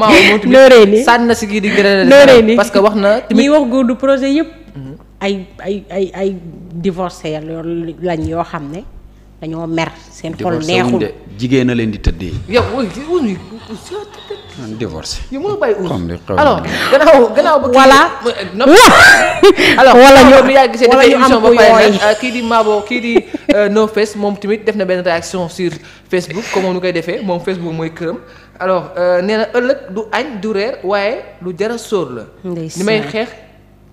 maa woo nooree na si kii di gërëm nooree ni parce que wax na tamit ñuy wax góor du projet yëpp mhm. ay ay ay ay divorcé yoo xam ne dañoo mer seen xol neexul jigéen a leen di tëddee yow divorcé yow mënoo bàyyi uus alors gannaaw gannaaw ba voilà alors euh, moom tamit def na benn réaction sur Facebook comme moom nu koy defee moom Facebook mooy këram alors euh, nee na ëllëg du añ du reer waaye lu jara sóor la. li may xeex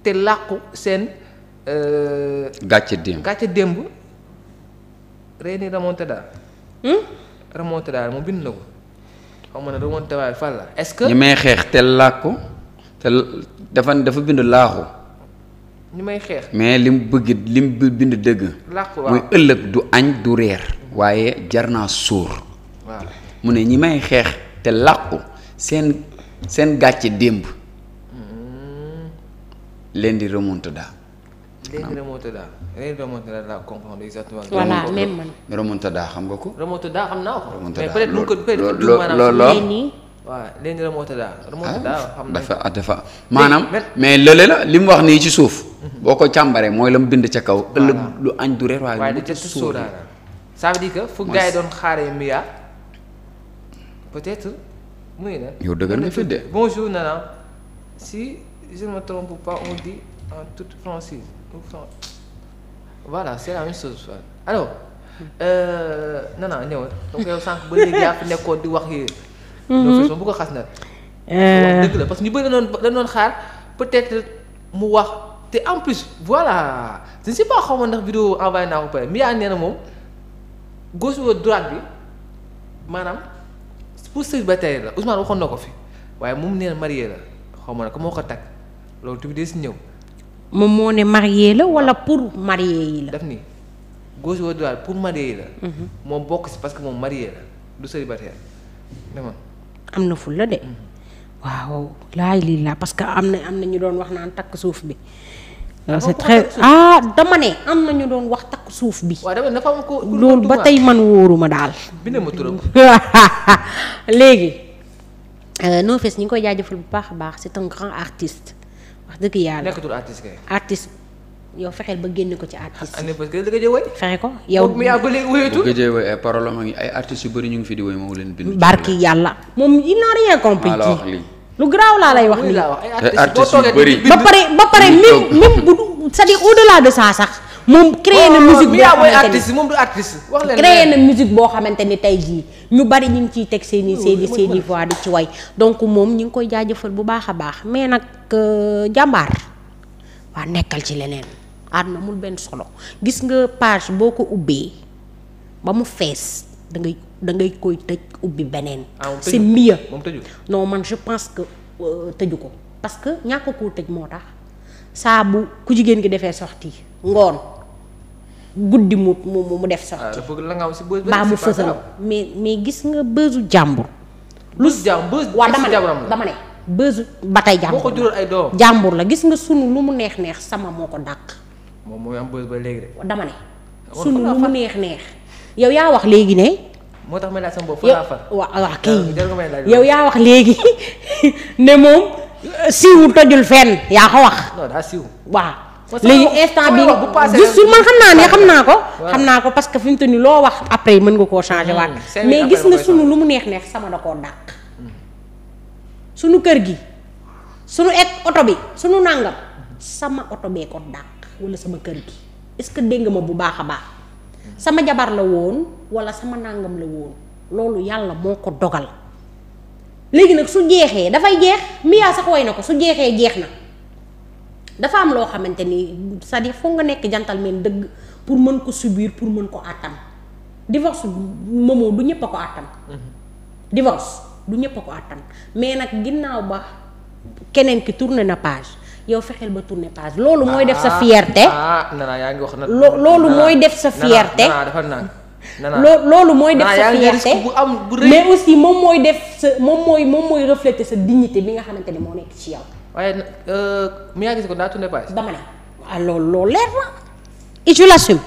te làqu seen. Euh, gàcc démb gàcc démb. reeni remontada. Hmm? remontada mu bind na ko xaw ma ne remontada fan la est-ce que. ñi may xeex te làqu te dafa dafa bind laaxu. ñi may xeex mais lim bëgg lim bind dëgg. làqu waaw mooy ëllëg du añ du reer. waaye jar naa sóor. mu ne ñi may xeex. te làqu seen seen gàcce démb mm-hmm. leen di remontada. léegi remontada léegi remontada laa comprendre exactement. voilà même man remontada xam nga ko. remontada xam naa ko. mais peut-être lu ko dafa dafa maanaam. mais lële la li wax nii ci suuf. Mhm. boo ko càmbaree mooy la mu bind ca kaw. ëllëg lu añ du reer waaye. waaye da ca suuf ça veut que fu gars doon xaaree miyaa. peut-être muy na. yow dëgër nga fii de. bonjour Nana si je ne me pas on dit en toute franchise voilà c'est la même chose alors euh, Nana ñëwal donc yow sànq ba léegi yaa fi nekkoon di wax yéen. loolu mhm. façon xas na. Euh. dëgg la parce que ñu bëri dañu doon dañu xaar peut-être mu wax te en plus voilà je ne sais pas xaw ma ndax vidéo envoyé ko pare mi yaa nee moom gauche wala droite bi maanaam. pousseuse ba tey la Ousmane waxoon na ko fi waaye moom nee na marié la xaw ma ne ko moo ko takk loolu tamit dee si ñëw. moom moo ne marié la wala pour marié yi la. daf ni gauche wala droite pour marié yi la. Mhm. moom bokk si parce que moom marié la du célibataire dama. am na ful la de. Mhm. waaw laay lii laa parce que am na am na ñu doon wax naan takk suuf bi. Ah, ah, c'est très ah dama ne am na ñu doon wax takk suuf bi. loolu ba tey man wóoruma daal. léegi. Euh, Noo Fess ñu ngi koy jaajëfal bu baax a baax c'est un grand artist wax dëgg yàlla nekkatul artiste kay. artiste yow fexeel ba génne ko ci artiste. année ah, parce que da fexe ko yow mu yaa léegi woyatul. bu gëjee woy ay parole am ay artistes ñu ngi fi di woy leen bind. barki yàlla moom il n'a rien compris. lu garaaw laa lay wax nii eh, artistes yu bëri ba pare ba pare même même bu c'est-à-dire au sax moom créé na musique boo xamante ni moom du boo xamante ni tey jii ñu bari ñu ngi ciy teg seen i seen i i voix ci way donc moom ñu ngi koy jaajëfal bu baax a baax mais nag euh, jàmbaar waa nekkal ci leneen àdduna mul benn solo gis nga page boo ko ubbee ba mu fees da da ngay koy tëj ubbi beneen. Ah, c'est mieux. noo man je pense que euh, tëju ko parce que ñàkk koo tëj moo tax saa ku jigéen gi defee sortie ngoon guddi mu mu mu def ah, sortie baa mu fësal mais mais gis nga bësu jàmbur. lu waa dama ne dama ne bësu ba tey jàmbur jàmbur la gis nga sunu lu mu neex neex sama moo ko dàq. moom mooy am dama ne. sunu lu mu neex neex yow yaa wax léegi ne. moo tax may laaj sama bopp fa laa far. waaw waaw kii yow yaa wax léegi ne moom euh, siiwu tojul fenn yaa ko wax. non daa siiw waaw. léegi instant bi juste man xam naa ko. xam naa ko parce que fi mu toll nii loo wax après mën koo changé waat. Hmm, mais gis nga sunu lu mu neex neex sama da koo dàq. Hmm. sunu kër gi sunu et oto bi sunu nàngam sama oto bee ko dàq wala sama kër gi est-ce que dégg nga ma bu baax a baax. sama jabar la woon wala sama nàngam la woon loolu yàlla moo ko dogal léegi nag su jeexee dafay jeex miyaa sax woy na ko su jeexee jeex na dafa am loo xamante ni c'est-à-dire foog nga nekk gentleman dëgg pour mën ko subir pour mën ko àttan divorce moomoo du ñëpp a ko àttan mm-hmm. divorce du ñëpp ko àttan mais nag ginnaaw ba keneen ki tourné na page yow fexeel ba tourner page loolu mooy def sa ah, fierté ah yaa ngi wax na loolu mooy def sa fierté loo loolu mooy def sa fierté mais aussi moom mooy def sa moom mooy moom mooy refléter sa dignité bi nga xamante ni moo nekk ci yow. waaye euh, mi yaa gis ko daa tourné page. ba ma ne ah, loolu loolu leer na et je l'assume.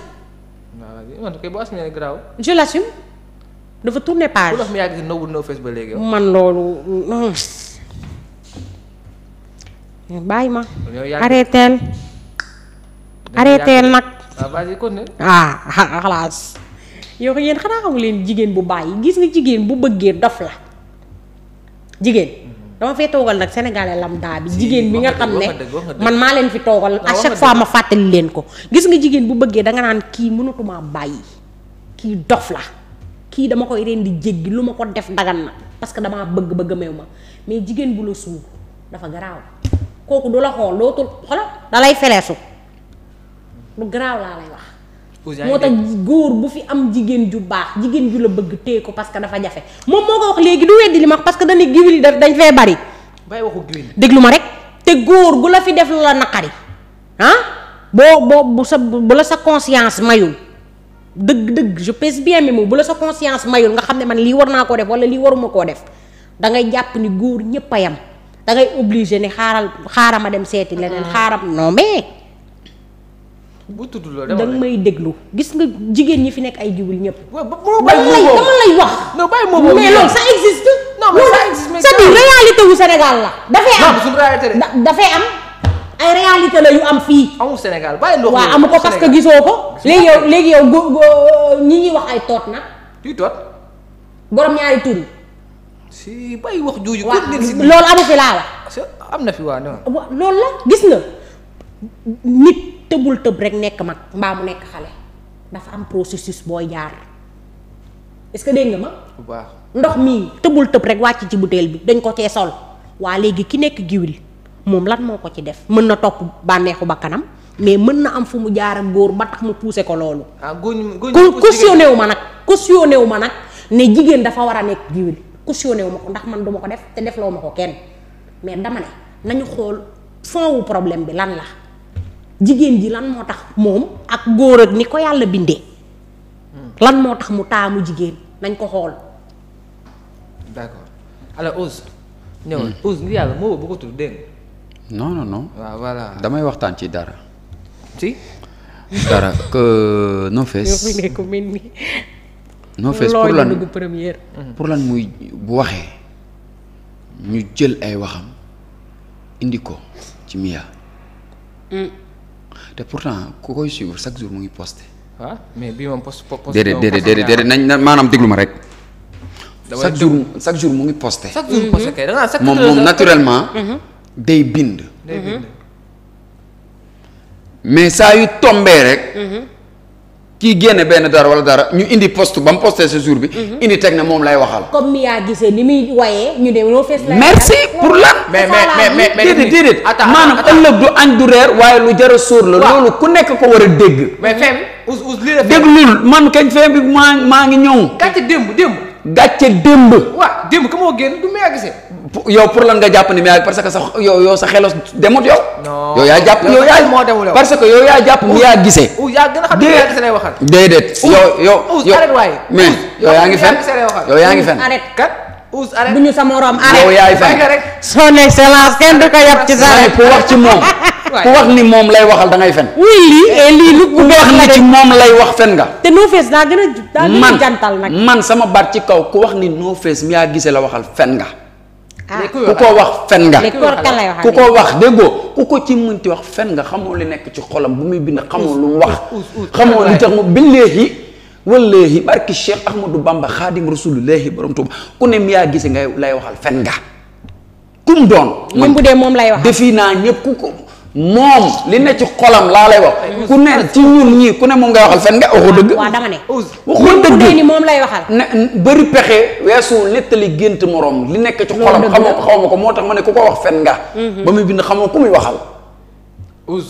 dafa tourné page. ku dox mi yaa gis no good no face ba léegi. man loolu. Hmm. bàyyi ma. arrêteel arrêteel nag. ah, ah xalaas yow yéen xanaa xamu leen jigéen bu bàyyi gis nga jigéen bu bëggee dof la jigéen. Mhm. dama fee toogal nag sénégalais lambda bi jigéen bi nga xam ne man maa leen fi toogal à chaque fois ma fàttali leen ko gis nga jigéen bu bëggee danga naan kii mënatumaa bàyyi kii dof la kii dama koy ren di jéggi lu ma ko def ndagal na parce que damaa bëgg ba gëmeew ma mais jigéen bu la suur dafa garaaw kooku du la xool dootul xoolal da lay feleesu lu garaaw laa lay wax. moo tax góor bu fi am jigéen ju baax jigéen ju la bëgg téye ko parce que dafa jafe moom moo ko wax léegi du weddi li ma wax parce que dañu ne giwil dañ fee bari. bay waxu giwil déglu ma rek te góor gu la fi def la naqari ah boo boo bu sa bu la sa conscience mayul dëgg dëgg je pèse bien mes mots bu la sa conscience mayul nga xam ne man lii war naa koo def wala lii waruma koo def dangay jàpp ni góor ñëpp a dangay ngay ne xaaral xaaral ma dem seeti leneen ah. xaaral non mais. bu tudd loolu da may déglu gis nga jigéen ñi fi nekk ay jiwul ñëpp. waaw lay dama lay wax. mais loolu ça existe. non mais ça wu Sénégal la. dafay am dafay am. ay réalité la yu am fii. amul Sénégal bàyyi loolu waaw amu ko parce que gisoo ko. léegi yow léegi yow go ñi ñuy wax ay toot na. tuy ñaari tur si bay wax jooju. loolu amu fi laa wax. am na fi waa loolu la gis nga nit tëbul tëb rek nekk mag mbaa mu nekk xale dafa am processus booy jaar est-ce que dégg ma. waaw ndox mii tëbul tëb rek wàcc ci butéel bi dañ ko cee sol. waa léegi ki nekk giwil moom lan moo ko ci def mën na topp bànneexu ba kanam mais mën na am fu mu jaaram góor ba tax mu poussé ko loolu. ah góor ñu góor ñu poussé wu ma nag cautionné wu ma nag ne jigéen dafa war a nekk giwil. cautionné wu ma ko ndax man duma ko def te def loo ma ko kenn mais dama ne nañu xool fond problème bi lan la jigéen ji lan moo tax moom ak góor ak ni ko yàlla bindee lan moo tax mu taamu jigéen nañ ko xool d'accord alors Ousse ñëwal hmm. Ousse yàlla moo bu ko damay waxtaan ci dara si dara non fees non fees pour lan première mhm. muy bu waxee ñu jël ay waxam indi ko ci Mia. Mm. te pourtant ku koy suivre chaque mu ngi posté. waaw ah, mais bii moom post post. déedéet déedéet déedéet nañ na maanaam déglu ma rek. chaque jour chaque mu ngi posté. chaque jour posté moom moom naturellement. Mhm. day bind mais saa yu tombee rek. Mhm. kii génne benn dara wala dara ñu indi post ba mu posté ce jour bi. Mhm. indi teg na moom lay waxal. comme ni yaa gisee ni muy wayee ñu dem loo fees la merci pour lan. mais mais mais déedéet déedéet. maanaam ëllëg du añ du reer waaye lu jar a sóor la. loolu ku nekk ko war a dégg. mais fem us us li la man kañ fem bi maa maa ngi ñëw. kàcc démb démb. gàcce démb. waaw démb ka moo génn du Mia Guissé. yow pour lan nga jàpp ni Mia parce que sa yow yow parce que yow yaa jàpp Mia Guissé. yaa gën a déedéet yow yow. mais yow yaa ngi fen yow yaa ngi fen arrête kat. sa morom arrête yow yaay kenn du ko yab ci sa. pour wax ci moom. ku wax ni moom lay waxal da ngay fen. wuy lii et eh, lii lu ku wax ni ci moom lay wax fen nga. te No Face daa gën a nag man man sama baat ci kaw ku wax ni No Face Mia Guissé la waxal fen nga. Ah. ku ko wax fen nga. ku ko wax déggoo ku ko ci wax fen nga xamoo li nekk ci xolam bu muy bind lu mu wax. xamoo li tax mu billaahi wallahi barki Cheikh Ahmadou Bamba xaadim rasulullahi borom Tuuba ku ne Mia Guissé lay waxal fen nga. kum doon. man bu dee moom lay wax defi naa ñëpp ku ko. moom li ne ci xolam laa lay wax. ku ne ci ñun ñii ku ne moom ngay waxal fen nga waxu dëgg. waaw dama ne. waxu dëgg ku ne moom lay waxal. ne bëri pexe weesuwul nettali gént moroom li nekk ci xolam. xaw ma xaw ma ko moo tax ma ne ku ko wax fen nga. Mhm. ba muy bind xamoo ku muy waxal. ouz.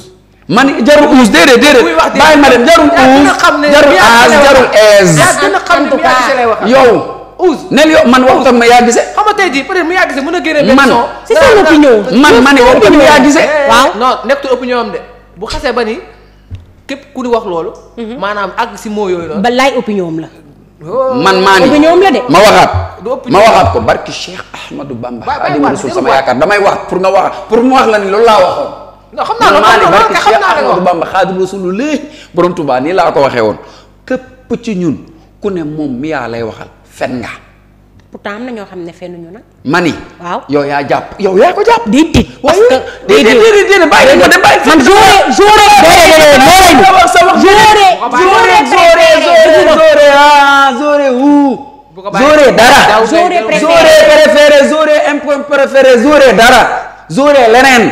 man jarul ouz déedéet déedéet. muy wax bàyyi ma dem jarul ouz. jarul aas jarul aise. yaa gën a xam ne yow. ouz nel yow man waxu tam ma yaa gisee. tey jii peut être mu yaa gisee mën a génne. man c'est son opinion man ma ne woon ko mu yaa gisee. waaw non am de bu xasee ba ni képp ku di wax loolu. Mhm. maanaam àgg si moo yooyu noonu. balaay opinion am la. Oh. man maa ni ma waxaat ma waxaat ko barki Cheikh Ahmadou Bamba Xaadimu Rasuul sama yaakaar damay wax pour nga wax pour mu wax la ni loolu laa waxoon non xam naa la maa ni barki Cheikh Ahmadou Bamba Xaadimu Rasuul léegi borom Tuubaa nii laa ko waxee woon képp ci ñun ku ne moom mi yaa lay waxal fen nga pourtant na ñoo xam ne fenuñu nag. mani. waaw yow yaa jàpp yow yaa ko jàpp. di di parce que di di di di di bàyyi ko dem bàyyi. man joore joore. dara. joore préféré joore impôt préféré dara joore leneen.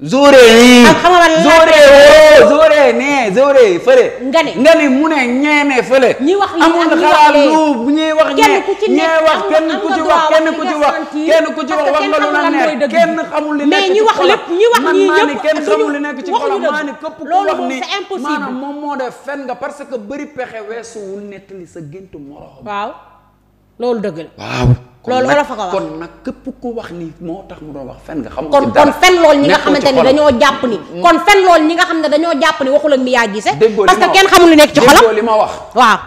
Zoore nii. ak xam nga Zoore woo Zoore nee Zoore nga ne nga ne mu ne ñeeme fële. ñi wax lii amul xalaat lu ñi wax ñee wax kenn ku ci wax kenn ku ci wax kenn ku ci wax wax nga lu la neex kenn xamul li nekk ci xolam man maa ni kenn xamul li nekk ci xolam maa ni képp ku wax ni maanaam moom moo def fen nga parce que bëri pexe weesuwul nettali sa gént moroom. waaw loolu dëgg la loolu olof a ko wax kon nag ko wax ni moo tax mu doon wax fen nga xamul kon kon fen lool ñi nga xamante ni dañoo jàpp ni mm. kon fen lool ñi nga xam ne dañoo jàpp ni waxul ak mi yaa gise parce que kenn xamul lu nekk ci xolam déggoo li ma wax waaw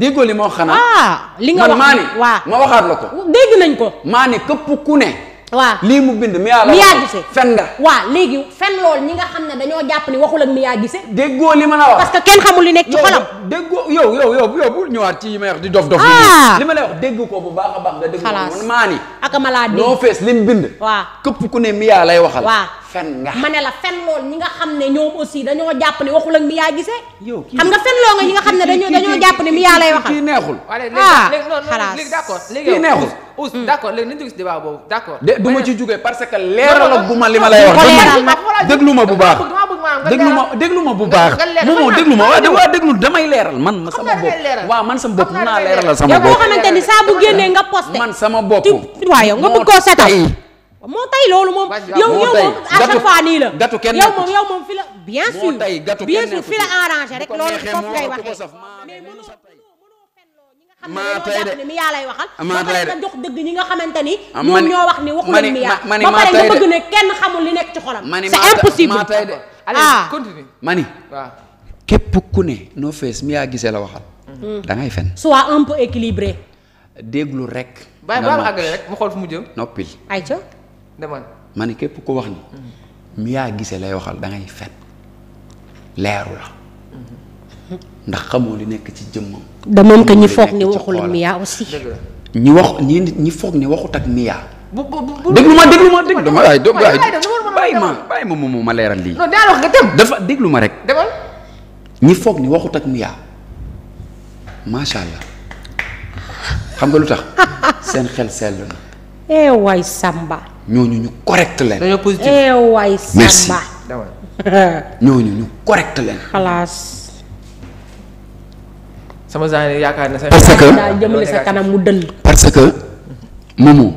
déggoo li ma wax xanaa ah, li nga wax maa ni waaw ma waxaat la ko dégg nañ ko maa ne képp ku ne waaw lii mu bind Mia la Mia Guissé fen nga waaw léegi fen lool ñi nga xam ne dañoo jàpp ni waxul ak Mia Guissé déggoo li ma la wax parce que kenn xamul li nekk ci xolam déggoo yow yow yow yow bu ñëwaat ci yi may wax di dof dof ah! li ma lay wax dégg ko bu baax a baax nga dégg man maa malaa ak ma laa dégg noo fees li mu bind waaw këpp ku ne Mia lay waxal waaw fen nga ma la fen lool ñi nga xam ne ñoom aussi dañoo jàpp ne waxul ak mi yaa gisee. yow xam nga fen loo nga ñi nga xam ne dañoo dañoo jàpp ne mi yaa lay waxal. kii neexul ah xalaas léegi d'accord léegi kii neexul. us hmm. d'accord léegi nañu jóg si ma ci jugee parce que leeral bu ma li ma lay wax. déglu ma bu baax. déglu ma déglu ma bu baax moom moo déglu ma waaw waaw déglu damay leeral man ma sama bopp waaw man sama bopp mën naa leeralal sama bopp yow boo xamante ni sama bopp waaw yow nga bëgg koo setal moo tay loolu moom. yow yow moom à chaque fois nii la. gàttu kenn yow moom yow moom fi la. bien sûr bien sûr fi la arrangé rek loolu foofu ngay waxee. mais mënoo mënoo fenloo ñi nga xam ne ñoo jàpp ne mi yaa lay waxal. Ah, maa tay de ba pare nga jox dëgg ñi nga xamante ni. Ah, ñoom ñoo wax ni waxu leen mi yaa ba pare nga bëgg ne kenn xamul li nekk ci xolam. c'est impossible maa tay de. Ah. allez continue ma ni. waaw képp ku ne noo fees mi yaa gisee la waxal. Mm-hmm. da ngay fen. soit un peu équilibré. déglu rek. bàyyi ba mu àggale rek mu xool fu mu jëm. noppil ayca demal ma ne képp ko wax ni. mu mm-hmm. yaa gisee lay waxal da ngay fen leeru la. Mm-hmm. ndax xamoo li nekk ci jëmmam. da même ñi foog ni waxul Mia ñi wax ñi ñi foog ni waxut ak Mia. bu bu déglu ma déglu ma déglu ma waay bàyyi ma bàyyi ma moom ma leeral lii. non daal wax nga tam. dafa ma rek. demal ñi foog ni waxut ak Mia macha allah xam nga lu tax seen xel sell na. eh waay Samba. ñooñu ñu correct leen. dañoo positif eh waay ñu correct leen. xalaas. yaakaar na parce que mu dëll. parce que moomu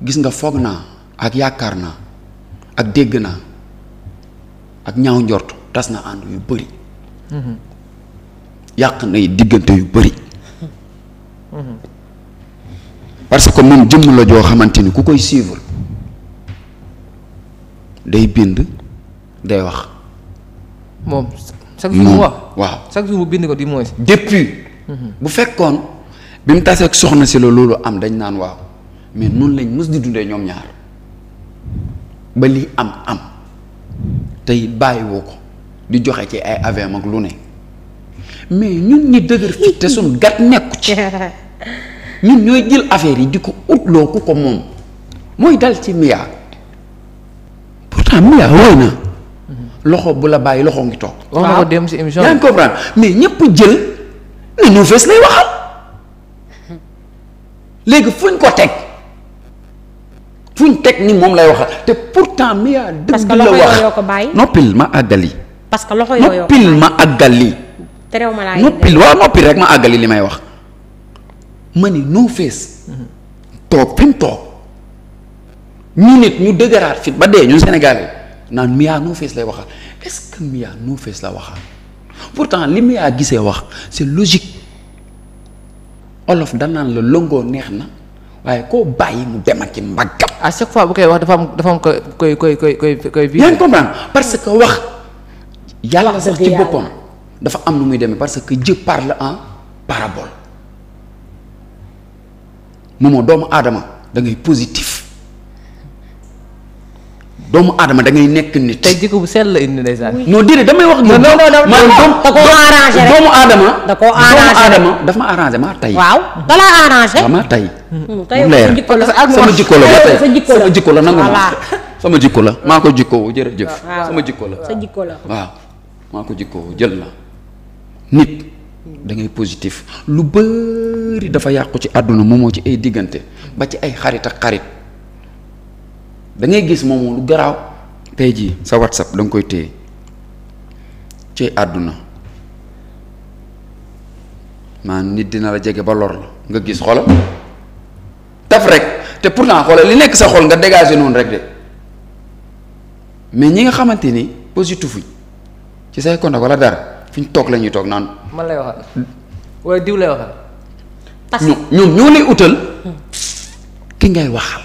gis nga foog naa ak yaakaar naa ak dégg naa ak ñaaw njort tas na ànd yu bëri. Mm-hmm. yàq nay diggante yu bëri. Mm-hmm. parce que moom jëmm la joo xamante ni ku koy suivre day bind day wax. moom chaque jour mu wax waaw chaque jour mu bind ko du moins. depuis. Mhm. bu fekkoon bi mu taseeg soxna si la loolu am dañ naan waaw mais noonu lañ mës di dundee ñoom ñaar ba lii am am tey bàyyiwoo ko di joxe ci ay avem ak lu ne mais ñun ñi dëgër fi te suñ gat nekku ci. ñun ñooy jël affaire yi di ko utloo ku ko moom mooy dal ci Mia pourtant Mia wooy loxo bu la bàyyi loxo ngi toog. waaw wax nga ko ah. dem ci émission yaa ngi comprendre mais ñëpp jël ne New Face lay waxal léegi fuñ ko teg fuñ teg ni moom lay waxal te pourtant Mia dëgg la wax noppil ma àggali. parce que loxo yooyu noppil ma àggali. terew ma noppil waaw noppil rek ma àggali li may wax. ma ni no face toog fi toog ñu nit ñu dëgëraat fit ba dee ñun Sénégalais naan Mia no face lay waxal est-ce que Mia no face la waxal pourtant li Mia gisee wax c'est logique olof danaan la longoo neex na waaye koo bàyyi mu dem ak ci mbaggam. chaque fois bu koy wax dafa am dafa am koy koy koy koy koy. yaa parce que wax. yàlla sax ci boppam dafa am nu muy demee parce que Dieu la en parabole. moomoo doomu aadama da ngay positif doomu aadama da nekk nit. tey jikko bu sell la indi ndeysaan. non déedéet damay wax. non non doomu aadama. da koo arrangé rek doomu aadama dafa arrangé maa tey. Hmm, sama jikko la sama jikko la ba tey sama jikko la nangu maa ko jikko la jël la nit. da ngay positif lu bëri dafa yàqu ci àdduna moomoo ci ay diggante ba ci ay xarit ak xarit da ngay gis moomoo lu garaaw tey jii sa whatsapp da koy téye ci àdduna maanaam nit dina la jege ba lor la nga gis xoolal taf rek te pourtant xoolal li nekk sa xol nga dégager noonu rek de mais ñi nga xamante ni positif ci say contact walla dara. ñu toog la ñuy toog naan. man lay waxal wala diw lay waxal. parce ñoom ñoo lay utal. Hmm. ngay waxal.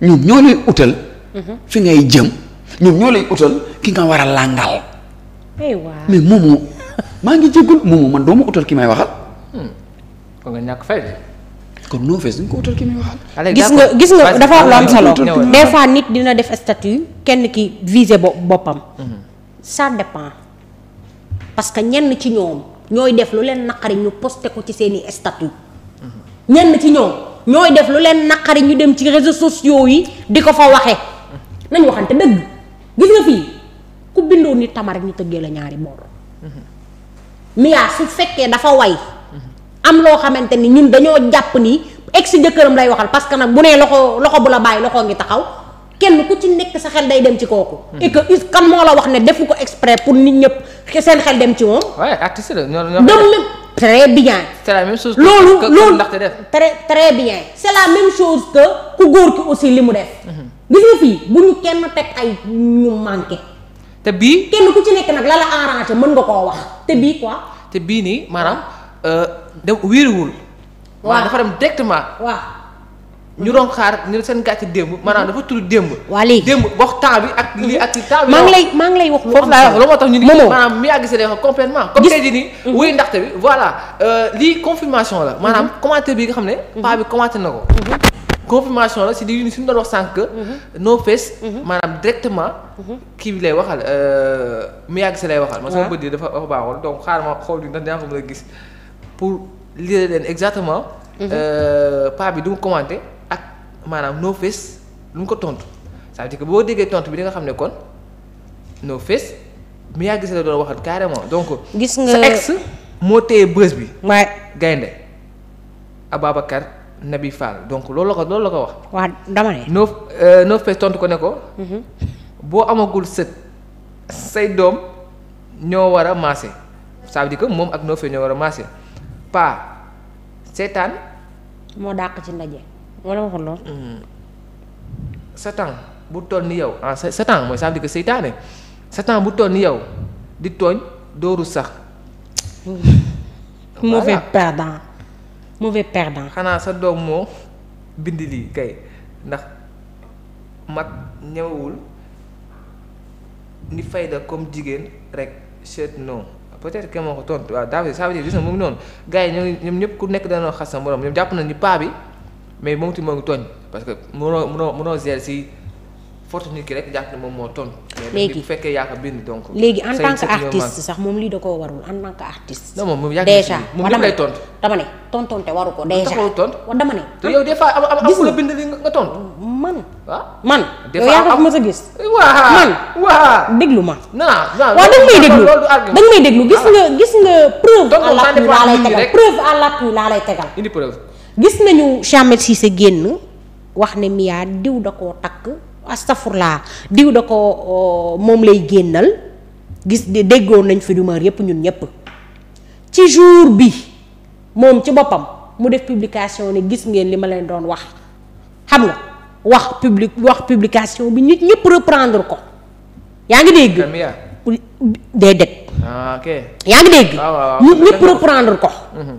ñoom ñoo utal. Hmm. fi ngay jëm. ñoom ñoo lay utal ki nga war a làngal. mais moomu maa ngi jéggul moomu man doo ma utal ki may waxal. Hmm. kon nga ñàkk fay. kon noo fees duñ ko utal ki may waxal. gis nga gis nga dafa wax lu am solo. des nit dina def statut kenn ki viser boppam. ça dépend parce que ñenn ci ñoom ñooy def lu leen naqari ñu posté ko ci seeni ñenn ci ñoom ñooy def lu leen naqari ñu dem ci réseaux sociaux yi di ko fa waxe nañu waxante dëgg gis nga fii ku bindoo ni tama rek ñu tëggee la ñaari boor Mia su fekkee dafa way am loo xamante ni ñun dañoo jàpp ni ex jëkkëram lay waxal parce que nag bu nee loxo loxo bu la bàyyi loxo ngi taxaw kenn ku ci nekk sa xel day dem ci kooku. et is kan moo la wax ne defu ko exprès pour nit ñëpp seen xel dem ci moom. waaw artiste la ñoom même très bien. c'est la même chose loolu loolu très très bien. c'est la même chose ko ku góor ki aussi li mu def. Mhm. gis nga fii bu ñu kenn teg ay ñu manqué. te bii kenn ku ci nekk nag la la arrangé mën nga koo wax te bii quoi. te bii nii maanaam euh, dem wéeruwul. waaw dafa dem directement waaw. ñu doon xaar ñu seen gàcce démb maanaam dafa tudd démb. waa léegi démb wax temps bi ak lii ak temps bi. maa lay maa ngi lay wax lu am solo tax ñu ni maanaam mi àgg si lay wax complètement comme tey jii nii mhm. wuy ndaxte bi voilà euh, lii confirmation la maanaam mhm. commentaire bi nga xam ne mhm. paa bi commenté na ko confirmation la si di suñu doon wax sànq no face maanaam directement kii bi lay waxal euh, mi àgg si lay waxal ma sama bët yi dafa wax baaxul donc xaar ma xool bi ndax dinaa ko mën a gis pour lire leen exactement euh, paa bi du mu maanaam no lu mu ko tontu ça boo déggee tontu bi di nga xam ne kon no face mu yaa gis la doon waxal carrément donc. gis nga sa moo téye bës bi. waay gaynde Ababacar Nabi Fall donc loolu la ko loolu la ko wax. waaw dama ne. no euh, tontu ko ne mhm. boo amagul sët say doom ñoo war a maase ça veut dire que moom ak no ñoo war maase pas seetaan. moo dàq ci ndaje. wala waxul satan bu toll ni yow ah satan mooy ça veut dire seytaane satan bu toll ni yow di tooñ dooru sax. mauvais perdant mauvais perdant. xanaa sa doom moo bind lii kay ndax mag ñëwul ni fayda comme jigéen rek seet non peut-être que moo ko tontu waaw daa ça veut dire gis na noonu gars ñoom ñëpp ku nekk dañoo xas sa morom ñoom jàpp nañu ni paa bi. mais moom tamit moo ngi tooñ parce que mënoo mënoo mënoo gérer si forte nit ki rek jàpp ne moom moo tooñ. léegi bu fekkee yaa ko bind donc. léegi en tant que artiste sax moom lii da koo warul en tant que artiste. non moom moom yàgg na si moom ñëpp lay tontu dama ne tontonte waru ko déjà. taxawul tontu wa dama ne. te yow des fois am am am ku la bind li nga tontu. man. ah man. des fois yow yaa ko mës a gis. waaw man. waaw déglu ma. non non waaw da nga may déglu da nga may déglu gis nga gis nga preuve. à l'appui laa lay tegal preuve à l'appui laa lay tegal. indi preuve. gis nañu Chamet Cissé génn wax ne Mia diw da koo takk astafurlaa diw da ko euh, moom lay génnal gis déggoon nañ fi rumeur yépp ñun ñépp ci jour bi moom ci boppam mu def publication ne gis ngeen li ma leen doon wax xam nga wax public wax publication bi nit ñëpp reprendre ko yaa ngi dégg ah, déedéet ah, yaa ngi dégg ah, ñëpp reprendre ko mm-hmm.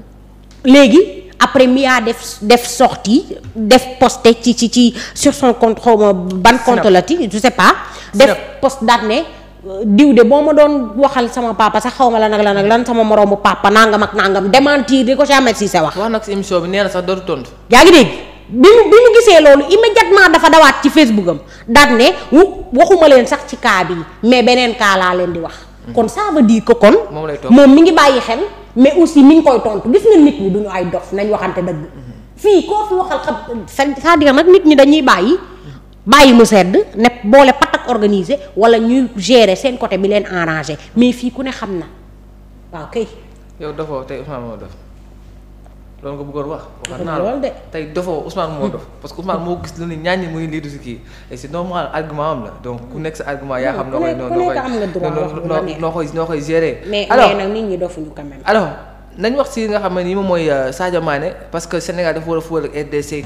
léegi après Mia def def sortie def posté ci ci ci sur son compte xaw ban compte la ti je sais pas def post daat ne diw de boo ma doon waxal sama papa sax xaw ma la nag la nag lan sama moroomu papa nangam ak nangam démentir di ko Ahmed Cissé wax. wax nag si émission bi nee na sax dootu tontu. yaa ngi dégg bi mu bi mu gisee loolu immédiatement dafa dawaat ci Facebook am daal ne wu waxuma leen sax ci cas bi mais beneen cas laa leen di wax. Hmm. kon ça veut dire que kon. moom mi ngi bàyyi xel. mais aussi mi ngi koy tontu gis nga nit ñi duñu ay dof nañ waxante dëgg fii koo fi waxal xam c'est-à-dire nit ñi dañuy bàyyi bàyyi mu sedd ne boole pat ak organisé wala ñuy gérer seen côté bi leen arrangé mais fii ku ne xam na waaw kay. yow dofoo tey Ousmane moo dof loolu nga bëggoon wax. waxaat naa la tey dofoo Ousmane moo dof parce que moo gis lu ne ñaañi muy lii du si kii et c'est normal argument am la donc ku nekk sa argument yaa xam. Mm, noo koy noo koy gérer. mais nag nit ñi dofuñu quand même. alors nañ wax si nga xam ne nii moom mooy euh, Sadio Mané que Sénégal dafa war a fóol ak RDC